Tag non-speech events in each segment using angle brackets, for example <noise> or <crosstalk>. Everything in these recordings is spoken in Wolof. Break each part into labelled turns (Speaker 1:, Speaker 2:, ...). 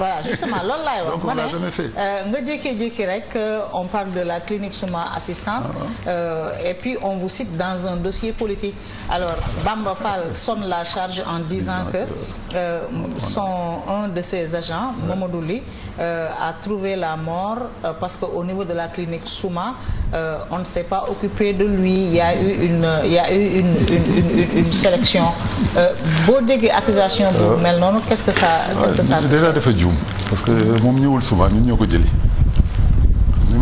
Speaker 1: voilà justement loolu laay wax. ma ne euh, nga jékkee-jékki rek euh, on parle de la clinique Suma assistance. Ah euh, et puis on vous cite dans un dossier politique alors Bamba Fall sonne la charge en disant que. euh, son un de ses agents ouais. Mamadou Ly euh, a trouvé la mort euh, parce que au niveau de la clinique Souma euh, on ne s'est pas occupé de lui il y a eu une il y a sélection euh, boo déggee accusation bu mel noonu qu'est-ce que ça qu'est-ce que ça
Speaker 2: parce que moom ñëwul Souma ñun ñoo ko jëli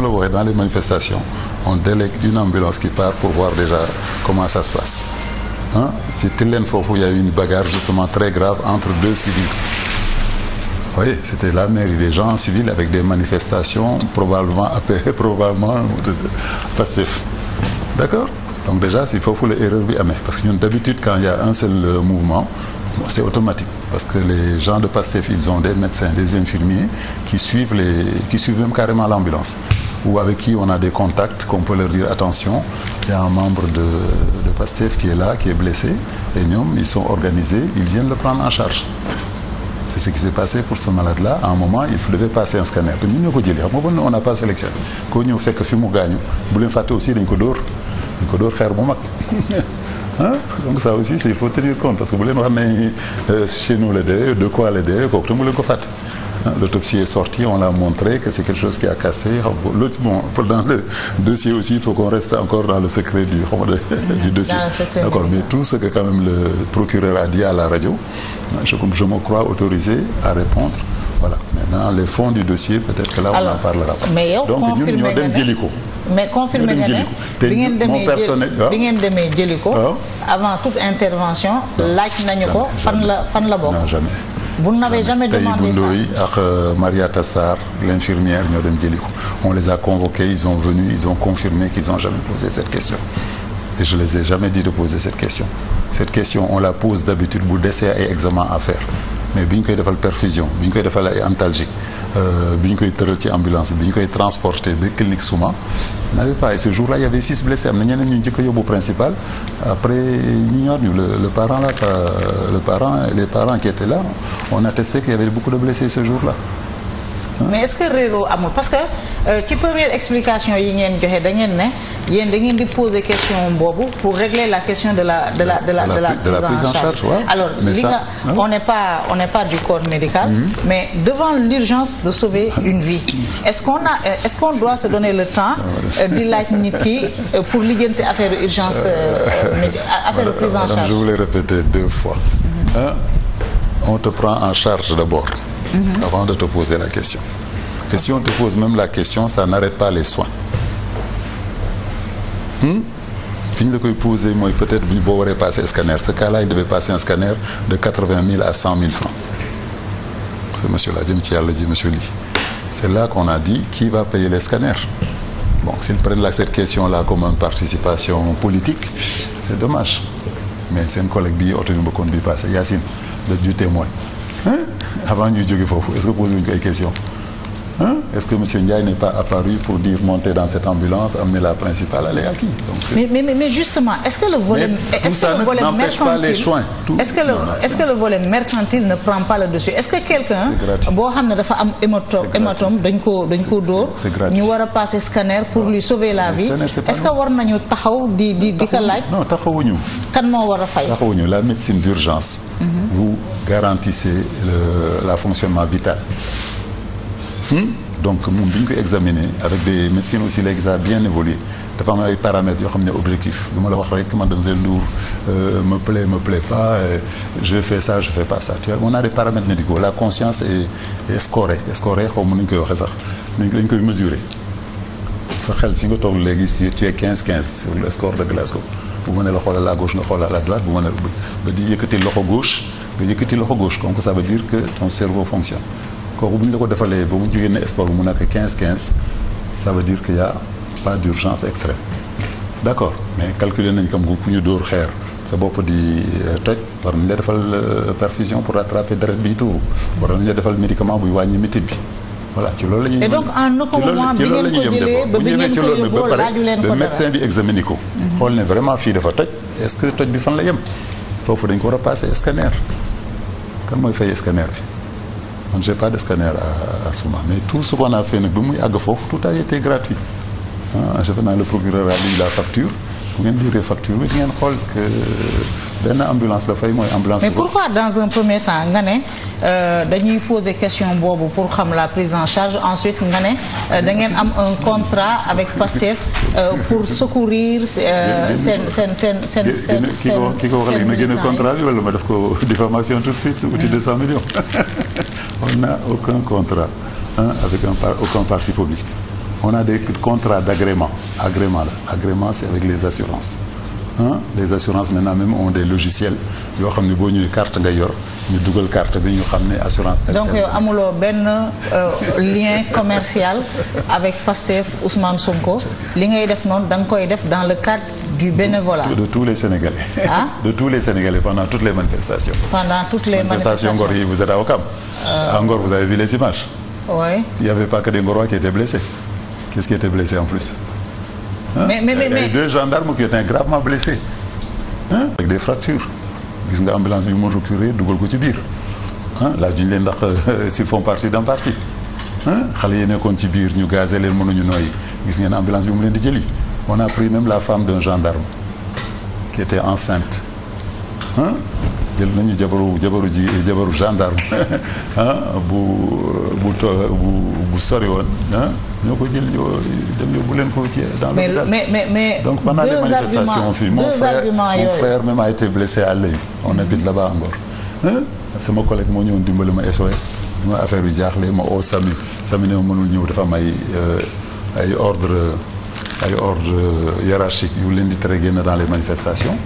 Speaker 2: la waxee dans les manifestations on délègue une ambulance qui part pour voir déjà comment ça se passe ah si Tilène foofu il y a eu une bagarre justement très grave entre deux civils oui c'était la mairie des gens en civil avec des manifestations probablement après <laughs> probablement Pastef d'accord donc déjà si foofu la erreur bi amee parce que ñun d'habitude quand il y a un seul euh, mouvement c'est automatique parce que les gens de Pastef ils ont des médecins des infirmiers qui suivent les qui suivent même carrément l'ambulance ou avec qui on a des contacts qu'on peut leur dire attention y a un membre de de PASTEF qui est là qui est blessé et ñoom ils sont organisés ils viennent le prendre en charge c'est ce qui s'est passé pour ce malade là à un moment il devait passer un scanner te ñun ñoo ko jëlee xam nga bon on n'a pas sélectionné koo ñëw fekk fi mu bu leen fàtte aussi dañ ko dóor dañ ko dóor xeer <laughs> donc ça aussi c'est il faut tenir compte parce que euh, e, e, ko fàtte L'autopsie est sortie, on l'a montré que c'est quelque chose qui a cassé. L'autre, bon, dans le dossier aussi, il faut qu'on reste encore dans le secret du, <laughs> dossier. D'accord, mais tout ce que quand même le procureur a dit à la radio, je, me crois autorisé à répondre. Voilà. Maintenant, les fonds du dossier, peut-être que là, Alors, on en parlera de Mais Donc, ko.
Speaker 1: mais confirmé nga ne ah. bi ngeen demee jëli bi ah. ngeen avant toute intervention. Ah. laaj nañu ko fan la fan la bokk. non jamais. vous n'avez jamais demandé ça
Speaker 2: ak euh, Mariata Sarr l'infirmière ñoo dem jëli ko on les a convoqués ils sont venus ils ont confirmé qu'ils ont jamais posé cette question et je les ai jamais dit de poser cette question cette question on la pose d'habitude bu desee ay examen à faire mais bi ñu koy defal perfusion bi ñu koy defal ay antalgique Euh, bi ñu koy tëral ci ambulance bi ñu koy transporté ba clinique Souma n'avait pas et ce jour-là il y avait six blessés am na ñeneen ñu njëkk a yóbbu principal après ñu ñor ñu le le parent là euh, le parent les parents qui étaient là on a testé qu'il y avait beaucoup de blessés ce jour-là.
Speaker 1: mais est-ce que réeroo amul parce que euh, ci première explication yi ngeen joxe da ngeen ne yéen da ngeen di poser question boobu pour régler la question de la de la de la de la prise en charge alors li nga on n'est pas pas du corps médical mm-hmm. mais devant l'urgence de sauver une vie est-ce qu'on a euh, est-ce qu'on doit se donner le temps ah, euh, di laaj nit ki pour lijjanti affaire urgence affaire prise en charge je
Speaker 2: voulais répéter deux fois mm-hmm. on te prend en charge d'abord mm -hmm. avant de te poser la question. Et si on te pose même la question, ça n'arrête pas les soins. Hmm? fi ñu la koy posé mooy peut-être bu boo waree passer scanner ce cas-là il devait passer un scanner de quatre-vingt mille à cent mille francs ce monsieur-là jëm ci yàlla ji monsieur lii c'est là qu'on a dit qui va payer les scanners bon s'ils prennent là cette question-là comme une participation politique c'est dommage mais seen collègue bi oto yu mbëkkoon bi passé Yacine da du témoin avant ñuy jóge foofu est-ce que posé wuñ ko question Hein? Est-ce que M. Ndiaye n'est pas apparu pour dire monter dans cette ambulance, amener la principale, aller à euh,
Speaker 1: mais, justement, est-ce que le volet, mercantile, ne prend pas le dessus Est-ce que quelqu'un, boo xam ne dafa am hématome dañ ko dóor ñu war passer scanner pour lui sauver la vie est-ce que war nañu taxaw di di di ko laaj non taxawuñu kan moo war fay
Speaker 2: taxawuñu la médecine d'urgence mhm. vous garantissez la fonctionnement vital donc moom bi ñu koy examiner avec des médecines aussi léegi ça a bien évolué dafa am ay paramètres yoo xam ne objectif lu ma la wax rek mademoiselle Ndour euh, me plaît me plaît pas euh, je fais ça je fais pas ça tu vois on a des paramètres médicaux la conscience est est scorée scorée ñu koy waxee sax dañ koy dañ koy mesurer sa xel fi nga toog léegi si tu es 15 15 sur le score de Glasgow bu ma ne la xool à la gauche nga xool à la droite bu ma ne la ba di yëkkati loxo gauche nga yëkkati loxo gauche donc ça veut dire que ton cerveau fonctionne. kooku bu ñu la ko defalee ba mu jógee ne espoir bi mu nekk 15 15 ça veut dire que y' a pas d' extrême d' accord mais calculer nañ comme ku ñu dóor xeer sa bopp di euh, toj war nañ la defal euh, perfusion pour rattraper deret biy tuuru war nañ la defal médicament buy wàññi métit bi voilà ci loolu la ñuy. bi
Speaker 1: ngeen ko jëlee ba bi ngeen ko yóbboo laaju leen ko dara bu ba pare ba médecin bi
Speaker 2: examiné ko. Mhm. xool ne vraiment fii dafa toj est ce que toj bi fan la yem foofu dañ ko war a passé scanner kan mooy fay scanner bi. man de scanner mais tout ce qu'on a fait nag bi muy àgg foofu tout a été gratuit ah je le procureur a lu la facture bu ngeen lire facture bi ngeen xool que benn ambulance la fay mooy ambulance. mais pourquoi
Speaker 1: dans un premier temps nga ne euh, dañuy poser question boobu pour xam la prise en charge ensuite nga ne euh, da ngeen am un contrat avec Pastef euh, pour secourir seen seen seen seen seen seen. kii ko wax léegi na génne contrat
Speaker 2: bi wala ma def ko <laughs> diffamation tout de suite outil 200 millions. <laughs> on n'a aucun contrat hein, avec un par aucun parti public on a des contrats d'agrément agrément la agrément c'est avec les assurances hein les assurances maintenant même ont des logiciels yoo xam ne boo ñëwee carte nga yor ñu dugal carte bi ñu xam ne assurance. donc yow
Speaker 1: amuloo benn euh, lien commercial avec Pastef Ousmane Sonko li ngay def noonu da nga koy def dans le cadre du bénévolat. de
Speaker 2: tous les Sénégalais. Ah? <laughs> de tous les Sénégalais pendant toutes les manifestations.
Speaker 1: les manifestations Ngor
Speaker 2: yi vous êtes à Ouakam. Euh. à Ngor vous avez vu les images. oui il y avait pas que des Ngorois qui étaient blessés était blessé en plus. mais mais deux gendarmes qui étaient gravement gis nga ambulance bi moo récuré dugal ko ci biir ah laajuñ leen ndax euh, si font partie d'un parti ah, xale yi nekkoon ci biir ñu gazé leen mënuñu nooy gis ngeen ambulance bi mu leen di jëli on a pris même la femme d'un gendarme qui était enceinte ah, jël nañu jabaru jabaru ji jabaru gendarme <laughs> ah bu bu bu bu sori woon ah ñoo ko jël yoo dem yóbbu leen ko ci dans mais,
Speaker 1: le
Speaker 2: manifestations fii mon frère mon frère même a on mm -hmm. habite là sama collègue moo ñëw dimbali ma SOS bi ma affaire yu jaaxle ma oo Sami Sami ne ma mënul ñëw dafa may ay euh, ay ordre ay ordre euh, hiérarchique yu leen di tere génn dans les manifestations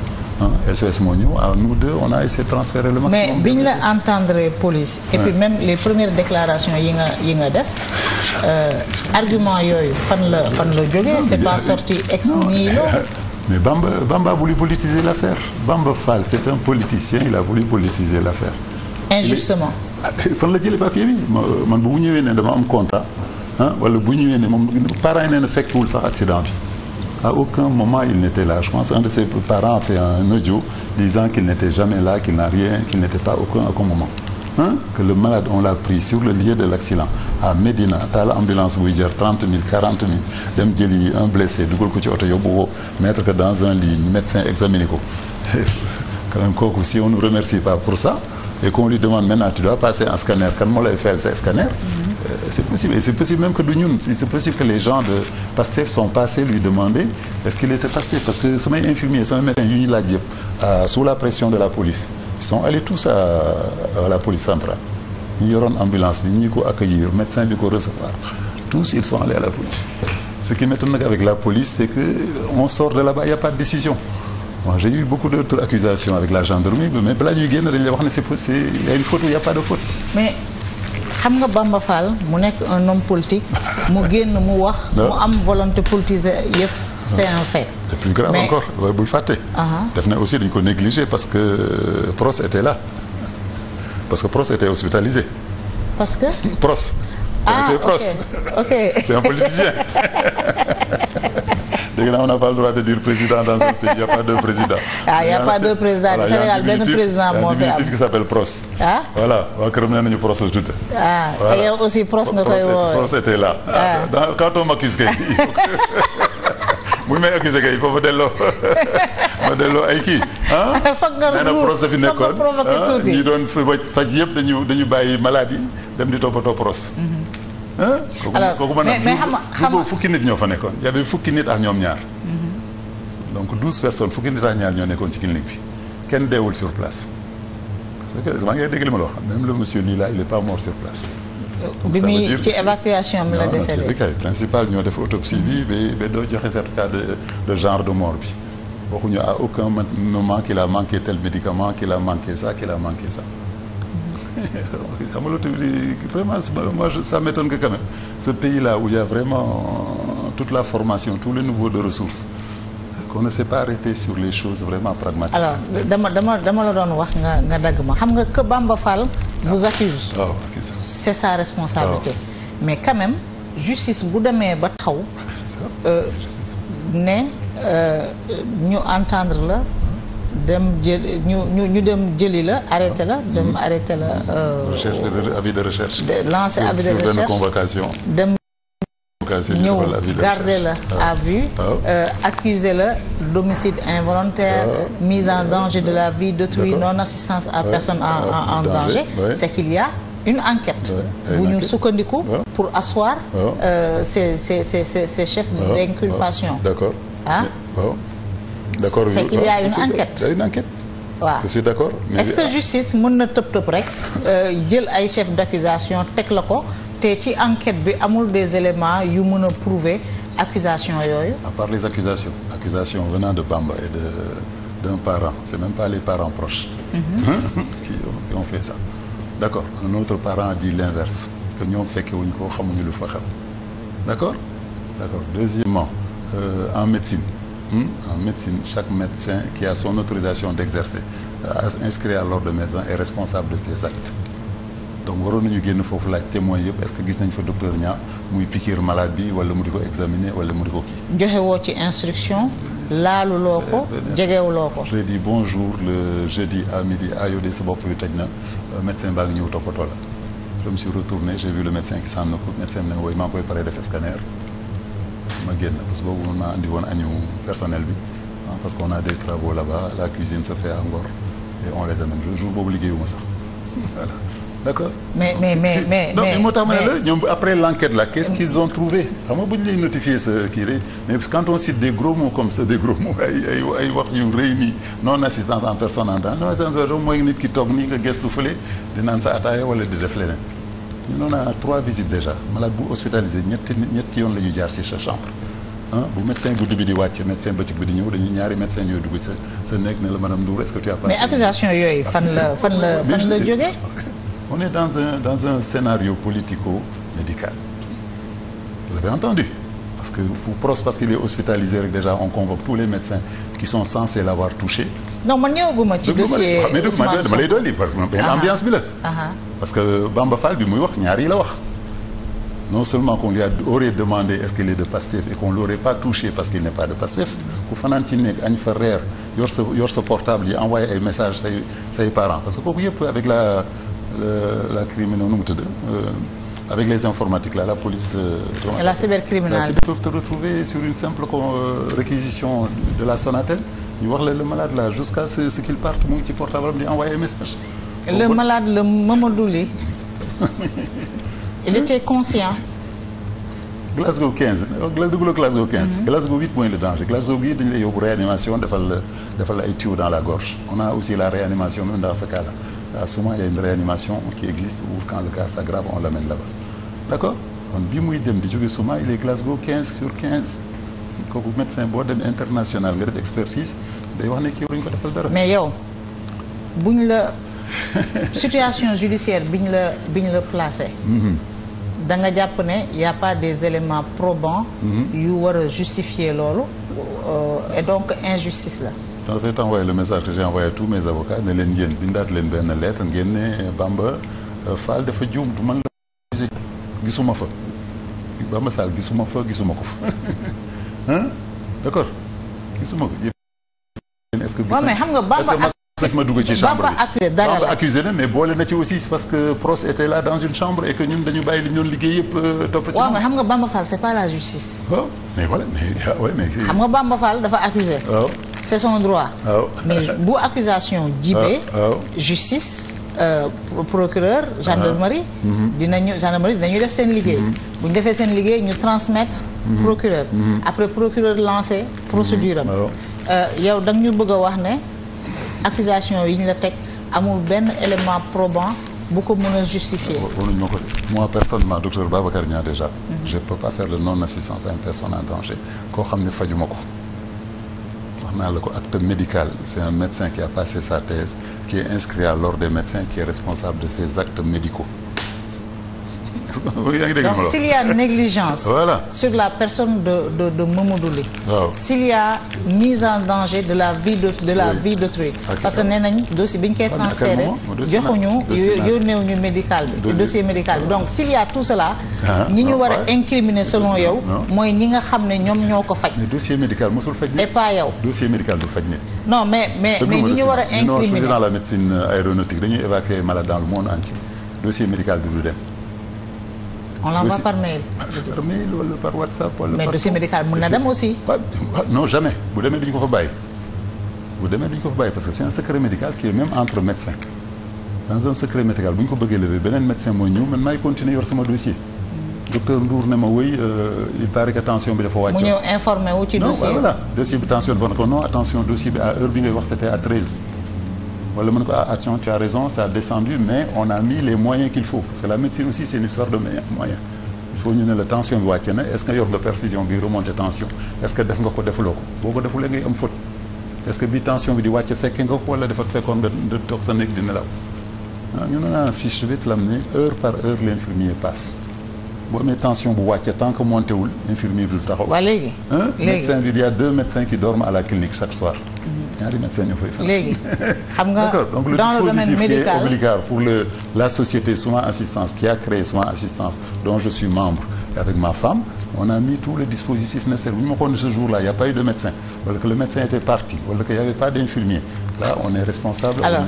Speaker 2: ah moo ñëw ah nous deux on a essayé de transférer le maximum. mais bi
Speaker 1: ñu la entendre police. et puis même les premières déclarations yi nga yi nga def euh, argument yooyu fan la fan la jógee. c'est pas sorti ex nihilo.
Speaker 2: mais Bamba Bamba a voulu politiser l'affaire Bamba Fall c'est un politicien il a voulu politiser l'affaire.
Speaker 1: injustement.
Speaker 2: Ah, fan la jëlee papier bi euh, man bu mu ñëwee ne dama am contrat ah wala bu ñëwee ne moom parents yi ne na fekkiwul sax accident bi. À aucun moment il n'était là. Je pense qu'un de ses parents a fait un audio disant qu'il n'était jamais là, qu'il n'a rien, qu'il n'était pas aucun, aucun moment. Hein? Que le malade, on l'a pris sur le lieu de l'accident à Médina taal ambulance buy trente mille quarante mille dem jëli un blessé dugal ko ci oto yóbbu ko mettre que dans un lit médecin examiner ko <laughs> quand même kooku si on ne remercie pas pour ça et qu'on lui demande maintenant tu dois Euh, c'est possible même que du ñun c'est possible que les gens de Pastef sont passés lui demander est-ce qu'il était Pastef parce que samay infirmier samay médecin yu ñu euh, sous la pression de la police sont allés tous à, la police centrale ñu yoroon ambulance bi ñi ko accueillir médecin bi ko recevoir tous ils sont allés à la police ce qui m'étonne nag avec la police c'est que on sort de là-bas il y a pas de décision j'ai eu beaucoup
Speaker 1: xam nga Bamba Fall mu nekk un homme politique mu génn mu wax mu ah. am volonté politisée yëpp c'est ah. un fait
Speaker 2: c'est plus grave encore waaye bul fàtte def na aussi dañ ko négligé parce que euh, Pros était là parce que Pros était hospitalisé parce que Pros
Speaker 1: ah, okay. <laughs> c'est un politicien <laughs>
Speaker 2: dégg naa on n'a pas le droit de dire président dans un pays il y a pas deux présidents. ah y pas deux présidents du Sénégal benn président moo fi am diminutif qui s'appelle Pros. ah voilà waa këram nee nañu Pros la tudd.
Speaker 1: ah et yow aussi Pros nga koy woo Pros
Speaker 2: était là. Ah. Ah, dans quand on kay. <laughs> bu may accusé kay il faut ma
Speaker 1: delloo
Speaker 2: <laughs> ay kii. Ah? <laughs>
Speaker 1: foog nga nee na Pros fi nekkoon
Speaker 2: doon faj yëpp dañu dañu bàyyi maladie dem di toppatoo Pros. Mhm.
Speaker 1: alors
Speaker 2: kooku man mais xam nga fukki nit ñoo fa nekkoon y avait fukki nit ak ñoom ñaar. Mhm. donc douze personnes fukki nit ak ñaar ñoo nekkoon ci clinique bi kenn deewul sur place parce que maa ngi dégg ma loo xam même le monsieur Lila il est pas mort sur place.
Speaker 1: donc ça ci évacuation am la
Speaker 2: principal ñoo def autopsie bi ba ba doo joxe certificat de de genre de mort bi waxuñu à aucun moment qu'il a manqué tel médicament qu'il a manqué ça qu'il a manqué ça. xam <laughs> nga loolu tamit vraiment moi ça m'étonne que quand même ce pays là où il vraiment toute la formation tous les niveaux de ressources kon ne s'est pas arrêté sur les choses vraiment pragmatiques.
Speaker 1: alors dama dama dama doon wax nga nga dagg ma xam nga que Bamba Fall vous accuse waaw ah, c'est sa responsabilité ah. mais quand justice bu demee ba taxaw euh, ne euh, ñu entendre la dem jël ñu ñu ñu dem jëli la arrêté la dem mhm. arrêté la. Euh,
Speaker 2: recherche de avis de recherche. de lancer avis de convocation. dem ñëw garder la ah. à
Speaker 1: vue. Ah. Euh, accuser la d'homicide involontaire. Ah. mise en danger de la vie d'autrui non assistance à personne en en danger. c'est qu'il y a une enquête. bu ñu sukkandiku. pour asseoir. Euh, ces ces ces ces chefs d'inculpation. d'accord ah.
Speaker 2: d'accord c'est qu'il ah, y a une enquête il y une enquête waaw mais est-ce que ah.
Speaker 1: justice mën na tëb tëb rek euh, jël ay chef d'accusation teg la ko te ci enquête bi amul des éléments yu mën a prouve accusation yooyu
Speaker 2: à les accusations accusations venant de Bamba et de d'un parent c'est même pas les parents proches mm-hmm. <laughs> qui, qui ont fait ça d'accord un autre parent a dit l'inverse que ñoo fekke wuñ ko xamuñu lu fa xew d'accord d'accord deuxièmement euh, en médecine hmm, en médecine, chaque médecin qui a son autorisation d'exercer, euh, inscrit à l'ordre de médecin, est responsable de ses actes. donc waroon nañu génn foofu laaj témoin yëpp est-ce que gis nañ fa docteur Niang muy piqûre malade bi wala mu di ko examiner wala mu di ko kii.
Speaker 1: joxe woo ci instruction. laaluloo ko eh, eh, eh, jegewuloo
Speaker 2: ko. j'ai dit bonjour le jeudi à midi ah yow de sa bopp bi tëj na euh, médecin baa ngi ñëw toppatoo la. je me suis retourné j'ai vu le médecin qui s'en occupe médecin bi ma génn parce que boobu man andi woon añu personnel bi ah, parce qu'on a des travaux là-bas la cuisine se fait à Ngor on les jour boobu liggéeyuma sax moo tax ma ne la ñoom après l'enquête là qu'est-ce qu'ils ont trouvé xam nga bu ñu kii rek mais quand on cite des gros mots comme ça des gros mots ay ay ay wax yu mooy nit ki toog nii nga gestu fële di naan sa ataaya wala di def leneen. ñun on a trois visites déjà malade bu hospitalisé ñetti ñetti yoon la ñuy jaar ci sa chambre ah bu médecin guddi bi di wàcc médecin bëccëg bi di ñëw dañu ñaari médecin ñooy dugg sa sa nekk ne la madame Ndour est-ce que tu as passé mais accusation
Speaker 1: yooyu fan la fan la fan la jógee
Speaker 2: <laughs> on est dans un dans un médical vous avez entendu parce que pour Pros parce qu'il est hospitalisé rek déjà on convoque tous les médecins qui sont censés l'avoir touché
Speaker 1: non man ñëwaguma ci dossier ah, Ousmane dama lay dolli
Speaker 2: parce que benn ah, ah. ambiance bi la. parce que Bamba Fall bi muy wax ñaar yi la wax. non seulement qu'on lui a aurait demandé est-ce qu'il est de Pastef et qu'on l'aurait pas touché parce qu'il n'est pas de Pastef ku fanaan ci nekk añ fa reer yor sa yor sa portable yi envoyé ay message say say parents parce que kooku yëpp avec la la criminel nu mu tudd euh, avec les informatiques là la police euh, la cybercriminalité peuvent te retrouver sur une simple euh, réquisition de la Sonatel ñu wax la le malade là jusqu'à ce ce qu'il parte mu ngi ci portable am di envoyé message.
Speaker 1: le malade le Mamadou Ly. il était conscient.
Speaker 2: Glasgow 15 euh, duggaloo Glasgow 15. Mm-hmm. Glasgow 8 le danger Glasgow bii dañu lay yóbbu réanimation defal la defal la ay tuyaux dans la gorge on a aussi la réanimation même dans ce cas là souvent il y a une réanimation qui existe ou quand le cas s'aggrave on l'amène là-bas d'accord kon bi di jóge souvent il est Glasgow 15 kooku médecin boo dem international nga def expertise day wax ne kii waruñu ko defal dara.
Speaker 1: mais yow buñ la <laughs> situation judiciaire biñ la biñ la placé. Mhm. da nga jàpp ne y' a pas des éléments probants. Mhm. yu war a justifier loolu. Euh, et donc injustice la.
Speaker 2: en fait envoyé le message que j'ai envoyé à tous mes avocats ne leen yéen bindaat leen benn lettre ngeen ne euh, Bamba euh, Fall dafa juum du man la gisuma fa Bamba Sall gisuma fa gisuma ko fa <laughs> ah d' accord gisuma ko yëpp. xam nga Bamba est-ce que ma dugg ci chambre bi Bamba accusé na mais boole na ci aussi parce que procès était là dans une chambre et que ñun dañu bàyyi li ñu doon liggéey yëpp euh, topp xam nga
Speaker 1: Bamba Fall c'est pas la justice. waaw
Speaker 2: mais voilà mais ah, ouais mais. xam nga
Speaker 1: Bamba Fall dafa accusé. waaw c'est son droit. mais bu accusation jibee justice. Euh, procureur ah. gendarmerie mhm. dinañu gendarmerie dinañu def seen liggéey mhm. bu ñu defee seen liggéey ñu transmettre mhm. procureur après procureur lancé procédure am euh, yow da ñu bëgg a wax ne accusation yi ñu la teg amul benn élément probant bu ko mën a justifier
Speaker 2: waruñu ko moi personnellement docteur Babacar Niang déjà je peux pas faire le non assistance à une personne en danger koo xam ne fajuma ko wax naa la ko acte médical c'est un médecin qui a passé sa thèse qui est inscrit à l'ordre des médecins qui est responsable de ses actes médicaux s'il y a négligence voilà. sur
Speaker 1: la personne de de de Mamadou Ly waaw s'il mise en danger de la vie de de la oui. vie d'autrui parce que nee nañ dossier bi ñu koy transféré joxuñu yónneew ñu médical bi médical donc si y a tout cela ah, ñi ñu ah, war a incriminer selon yow mooy ñi nga xam ne ñoom ñoo ko faj dossier
Speaker 2: médical mosul faj nit et pas yow dossier médical du faj nit
Speaker 1: non mais mais mais ñi ñu war a incriminer non je suis dans
Speaker 2: la médecine aéronautique dañuy évacuer malade dans le monde entier
Speaker 1: on l'envoie par mail. Ah, par mail wala par WhatsApp wala mais dossier médical mën na dem aussi. Ah,
Speaker 2: non jamais bu demee dañu ko fa bàyyi bu demee dañu ko fa bàyyi parce que c'est un secret médical qui est même entre médecins dans un secret médical bu ñu ko bëggee lever beneen médecin mooy ñëw man maay continuer yor sama dossier. docteur Ndour ne ma wëy euh, il paraît que tension bi dafa wàcc. mu ñëw
Speaker 1: informé wu ci dossier non voilà
Speaker 2: dossier bi tension heure bi ngay wax c'était à 13. wala mën ko attention ah, ah, tu as raison ça a descendu mais on a mis les moyens qu'il faut parce que la médecine aussi c'est une histoire de moyens il faut ñu ne la tension bi wàcce na est-ce que yor nga perfusion bi remonter tension est que def nga ko defuloo ko boo ko defulee ngay am faute est-ce que bi tension bi di wàcce fekkee nga ko wala dafa fekkoon nga toog sa néeg di nelaw ah, ñu ne la fiche bi te la ne heure par heure l'infirmier passe bu amee tension bu wàccee tant que monté wul infirmier bi du taxaw. médecin bi il y a deux médecins qui dorment à la clinique chaque soir. Mhm. ñaari médecins ñoo fay fan. léegi xam nga <laughs> donc le dispositif qui est obligatoire pour la société Soins Assistance qui a créé Soins Assistance dont je suis membre avec ma femme on a mis tout le dispositif nécessaire bu ñu ma xoon de médecin wala que le médecin y avait pas d'infirmier là on est responsable. alors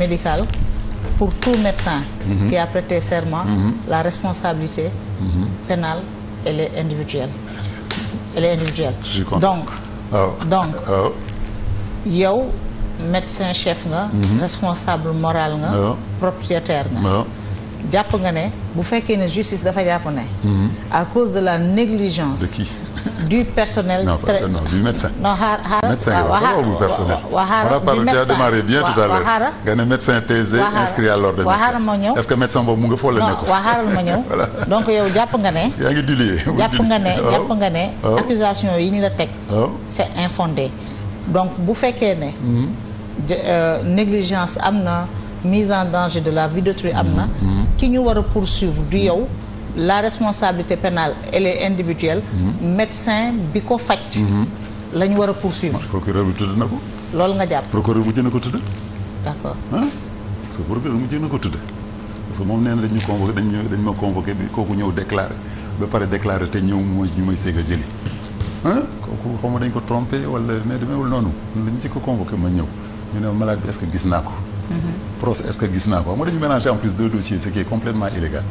Speaker 1: niveau pour tout médecin mm -hmm. qui a prêté serment mhm. la responsabilité mhm. pénal elle est individuelle elle est individuelle donc donc oh. yow médecin chef nga mhm. responsable moral nga oh. propriétaire nga jàpp nga ne bu fekkee ne justice dafa jàpp ne à cause de la négligence du personnel. non pas, non du médecin. non xaar xaar médecin yow personnel. du médecin a démarré bien tout à l'heure
Speaker 2: nga ne médecin thésé inscrit à l'ordre ma ñëw est-ce que médecin boobu mu nga fóol la nekkul. non xaaral ma ñëw
Speaker 1: <laughs> donc yow jàpp nga ne. yaa
Speaker 2: ngi dulier oh. jàpp nga ne jàpp
Speaker 1: nga ne. accusation yi ñu la teg. Oh. c'est infondé donc bu fekkee ne. Hmm. Euh, négligence am na mise en danger de la vie d'autrui am na. Hmm. Hmm. ki ñu war a poursuivre du yow. la responsabilité pénale elle est individuelle. Mhm. médecin bi ko faj. Mhm. la war a poursuivre. Ah,
Speaker 2: procureur bi tudd na ko. loolu nga jàpp. procureur mujj na ko tudd. d' accord ah parce que ko tudd parce que moom nee na dañ ñu convoqué dañ ñu dañ ma convoqué bi kooku ñëw déclaré ba pare déclaré te ñëw mooy ñu may seeg a jëli ah kooku xaw ma dañ ko trompé wala mais demeewul noonu la ñu ci ko convoqué ma ñëw ñu ne malade bi est ce que gis naa ko. Mhm. procès est ce que gis naa ko xam nga est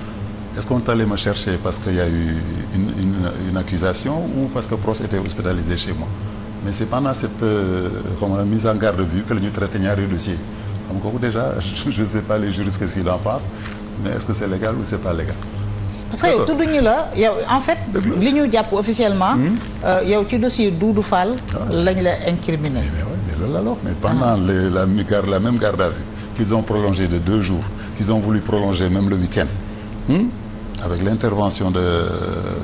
Speaker 2: Est-ce qu'on est chercher parce qu'il y a eu une, accusation ou parce que Pross était hospitalisé chez moi Mais c'est pendant cette euh, mise en garde à vue que nous traitons le dossier. Donc déjà, <laughs> je ne sais pas les juristes qu'est-ce qu'ils en pensent, mais est-ce que c'est légal ou c'est pas légal
Speaker 1: parce que yow tudduñu la yow en fait li ñu jàpp officiellement hmm? euh, yow ci dossier Doudou Fall ah. lañ la incriminé mais eh oui
Speaker 2: mais loolu la wax pendant ah. les, la, la même garde à vue qu'ils ont prolongé de deux jours qu'ils ont voulu prolonger même le week-end hmm? avec l'intervention de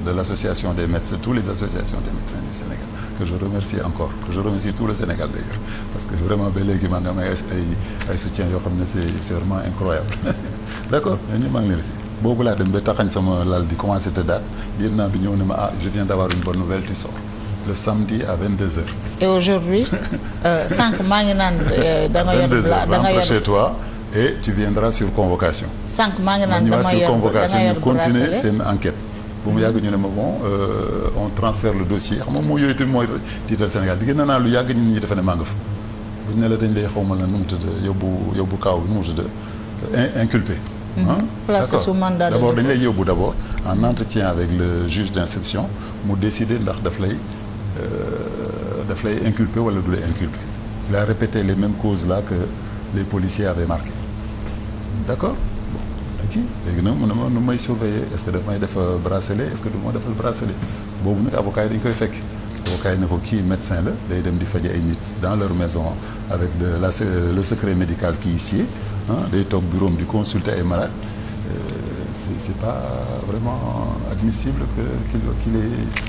Speaker 2: de l'association des médecins tous les associations des médecins du Sénégal que je remercie encore que je remercie tout le Sénégal d'ailleurs parce que vraiment ba léegi man damay ay ay soutien yoo xam ne c'est c'est vraiment incroyable <laughs> d'accord ñooñu maa ngi boobu laa dem ba taxañ sama lal di commencer te daal yéen naa bi ñëw ne ma ah je viens d'avoir une bonne nouvelle tu sors le samedi à 22h.
Speaker 1: et aujourd'hui euh, maa ngi naan euh, <laughs>
Speaker 2: toi. et tu viendras sur convocation.
Speaker 1: sànq maa ngi naan dama yor convocation ñu continuer seen
Speaker 2: enquête. bu mu yàgg ñu ne ma bon euh, on transfère le dossier xam nga mooy yooyu tamit mooy tiital Sénégal diggante na naa lu yàgg ñun ñi defe ne maa nga fa. bu ñu ne la dañ lay xaw ma la nu mu tudd yóbbu yóbbu kaaw nu mu tudd inculpé. Hmm. placé sous mandat d' abord dañ lay yóbbu d' abord en entretien avec le juge d' instruction mu décider ndax daf lay euh, daf lay inculpé wala du lay inculpé il a répété les mêmes causes là que. les policiers avaient marqué d'accord bon nag léegi nag mu ne ma nu may surveiller est-ce que daf may def euh, bracelet est-ce que du ma defal bracelet boobu nag avocat dañ koy fekk avocat yi ne ko kii médecin la day dem di faje ay nit dans leur maison avec de la euh, le secret médical qui y sied day toog bureau di consulter ay malades euh, c'est c'est pas vraiment admissible que qu'il qu'il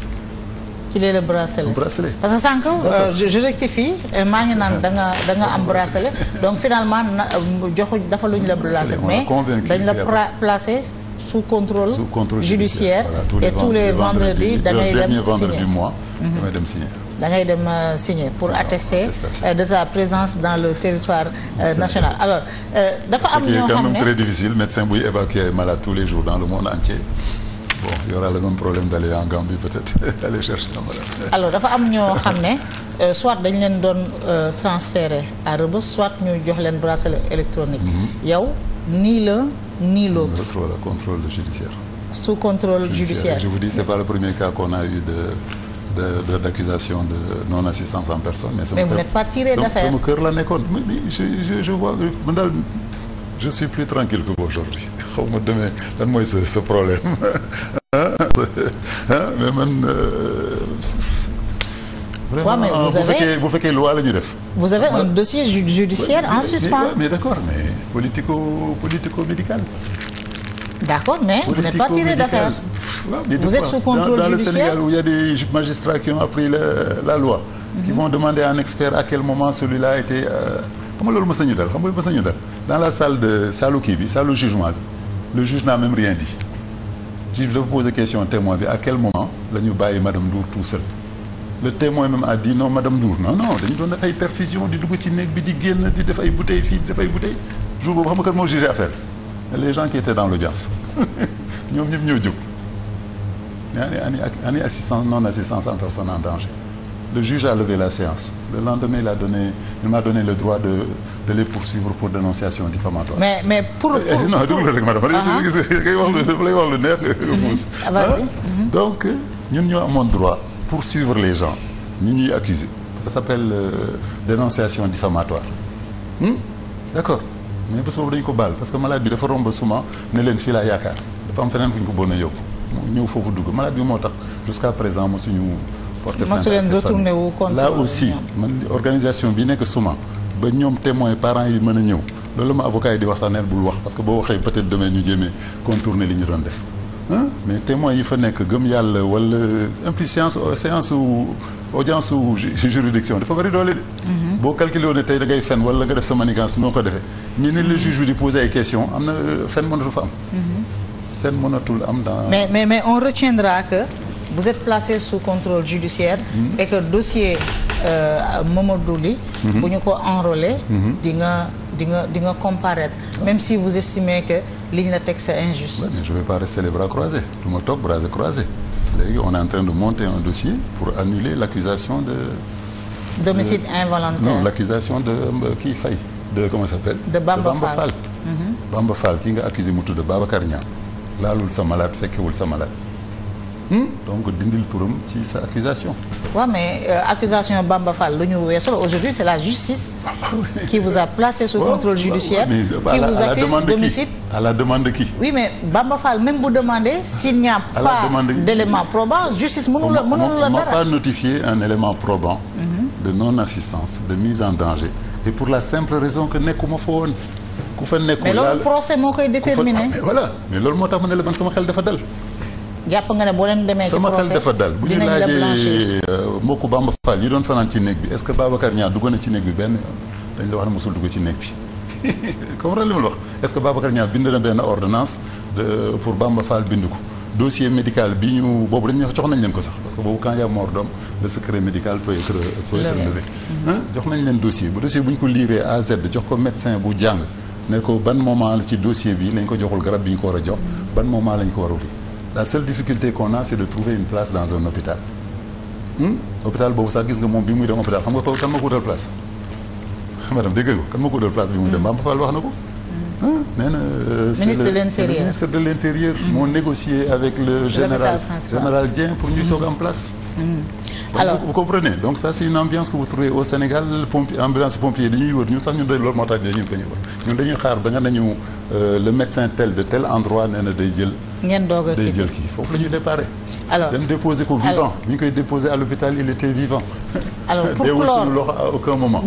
Speaker 1: qu'il ait le bracelet. bracelet. parce que euh, je, rectifie maa ngi naan da da nga am bracelet donc finalement na euh, joxu dafa luñ la bracelet mais dañ la placé sous contrôle. sous contrôle judiciaire voilà, tous les vendredis da ngay dem mois mhm. da ngay dem signer. Euh, pour attester de ta présence dans le territoire national alors dafa am ñoo xam ne très
Speaker 2: difficile médecin buy évacuer malade tous les jours dans le monde entier. bon y aura le même problème d'aller en Gambie <laughs>
Speaker 1: dafa am ñoo xam ne euh, soit dañ leen doon euh, transférer à Rebeuss soit ñu jox leen bracelet électronique. Mhm. yow nii la nii
Speaker 2: l'autre. la contrôle judiciaire.
Speaker 1: sous contrôle judiciaire. judiciaire je
Speaker 2: vous dis c'est pas le premier cas qu'on a eu de. de d'accusation de, de non-assistance en personne. mais kër mais vous n'êtes pas
Speaker 1: tiré d'affaire sama
Speaker 2: kër la nekkoon je je je vois man daal je suis plus tranquille qu'aujourd'hui xaw ma demee lan mooy sa sa problème <laughs> mais man. Euh, vraiment ouais, vous avez bu fekkee bu fekkee loi def. vous avez un dossier judiciaire en suspens. mais d'accord mais politico politico médical.
Speaker 1: d'accord mais vous n'êtes pas tiré d'affaire.
Speaker 2: vous êtes sous contrôle judiciaire où y a des magistrats qui ont appris la, la loi. Mm-hmm. qui mhm. vont demander à un expert à quel moment celui-là était euh, xam nga loolu mos a ñu dal xam dans la salle de saalu kii bi saalu jugement bi le juge n'a même rien dit juge bi dafa posé question témoin bi à quel moment la ñu bàyyi madame Ndour tout seul le témoin même a dit non madame Ndour non non dañu doon def ay perfusion di dugg ci néeg bi di génn di def ay bouteilles fii di def ay bouteilles jour boobu xam nga kan moo jugé affaire les gens qui étaient dans l'audience <laughs> ñoom ñëpp ñoo jóg mais ani ani assistance non assistance en personne en danger Le juge a levé la séance. Le lendemain, il a donné, il m'a donné le droit de, de les poursuivre pour dénonciation diffamatoire.
Speaker 1: Mais, mais pour. pour, eh, pour non, déglu rek madame. lay
Speaker 2: wax lu neex. donc ñun ñoo amoon droit poursuivre les gens ñi ñuy accuser. ça s'appelle euh, dénonciation diffamatoire. Hmm? d'accord mais bés boobu dañu ko baal parce que malade bi dafa romb souvent ne leen fii laa yaakaar dafa am feneen fu ñu ko bon a yóbbu ñëw foofu dugg malade bi moo tax jusqu'à présent mosuñu. porté plainte à aussi man organisation bi nekk suma ba ñoom témoin parents yi mën a ñëw loolu ma avocat yi di wax sax neen bul wax parce que boo waxee peut-être ñu jéemee contourner li ñu doon def mais témoins yi fa nekk gëm yàlla wala impuissance séance audience ou juridiction dafa bëri doole mhm. boo calculé woon tey da ngay fen wala nga def sa manigance noo ko defee. mais ni le juge bi di poser ay questions am na fen mënatul fa am. Mhm. fen mënatul am dans.
Speaker 1: mais mais vous êtes placé sous contrôle judiciaire mhm. et que dossier euh, Mamadou Ly mhm. bu ñu ko enrôler mhm. di nga di nga di nga comparaître même si vous estimez que liñ la teg c'est injuste mais
Speaker 2: je vais pas rester les bras croisés du ma toog bras croisés léegi on est en train de monter un dossier pour annuler l'accusation de
Speaker 1: d'homicide involontaire non
Speaker 2: l'accusation de euh, kii Faye de comment ça s'appelle de Bamba Fall Bamba Fall ki nga accusé mu tudd Babacar Niang laalul sa malade fekkewul sa malade donc dindil turam ci sa accusation
Speaker 1: waaw mais euh, accusation Bamba Fall lu ñu weesu la aujourd'hui c'est la justice qui vous a placé sous contrôle judiciaire qui vous accuse d'homicide
Speaker 2: à la demande de qui
Speaker 1: oui mais Bamba Fall même bu demandé s'il n'y a pas d'élément probant justice mënu la mënu la dara on m'a pas
Speaker 2: notifié un élément probant mhm. de non-assistance de mise en danger et pour la simple raison que nekkuma fa woon ku fa nekkul mais loolu
Speaker 1: procès moo koy déterminer ah, voilà
Speaker 2: mais loolu moo tax ma ne la man sama xel dafa
Speaker 1: jàpp nga ne boo leen demee. ci procès sama xel dafa dal bu ñu laajee
Speaker 2: euh, mbokku Bamba Fall yi doon fanaan ci néeg bi est-ce que Babacar Niang dugg na ci néeg bi benn dañ la wax ne mosul dugg ci néeg bi <laughs> comme ren li ma la wax est-ce que bind na benn ordonnance de pour Bamba Fall bind ko. dossier médical bi ñu boobu dañ jox nañ leen ko sax parce que boobu quand y a le secret médical peut être peut jox nañ leen dossier bu dossier bu ñu ko liiree à Z jox ko médecin bu jàng ne ko ban moment ci dossier bi lañ ko joxul garab bi ñu ko war a jox ban moment lañ ko war a wuti la seule difficulté qu'on a c'est de trouver une place dans un hôpital hmm? hôpital boobu sax gis nga moom bi muy dem hôpital xam nga foofu kan ma ko wutal place <laughs> madame dégg nga kan ma ko wutal place bi muy dem hmm. Bamba Fall wax na ko hmm. nee na euh, ministre de l'intérieur ministre de l'intérieur moo négocié avec le général général Dieng pour ñuy soog am place alors vous comprenez donc ça c'est une ambiance que vous trouvez au Sénégal pompier ambulance pompier dañuy wër ñun sax ñun day loolu moo tax
Speaker 1: ngeen doog a day
Speaker 2: jël kii foofu la ñuy déparé. alors dem déposer ko vivant bi koy déposer à l'hôpital il était vivant. alors <laughs> pour clore loxo à aucun moment.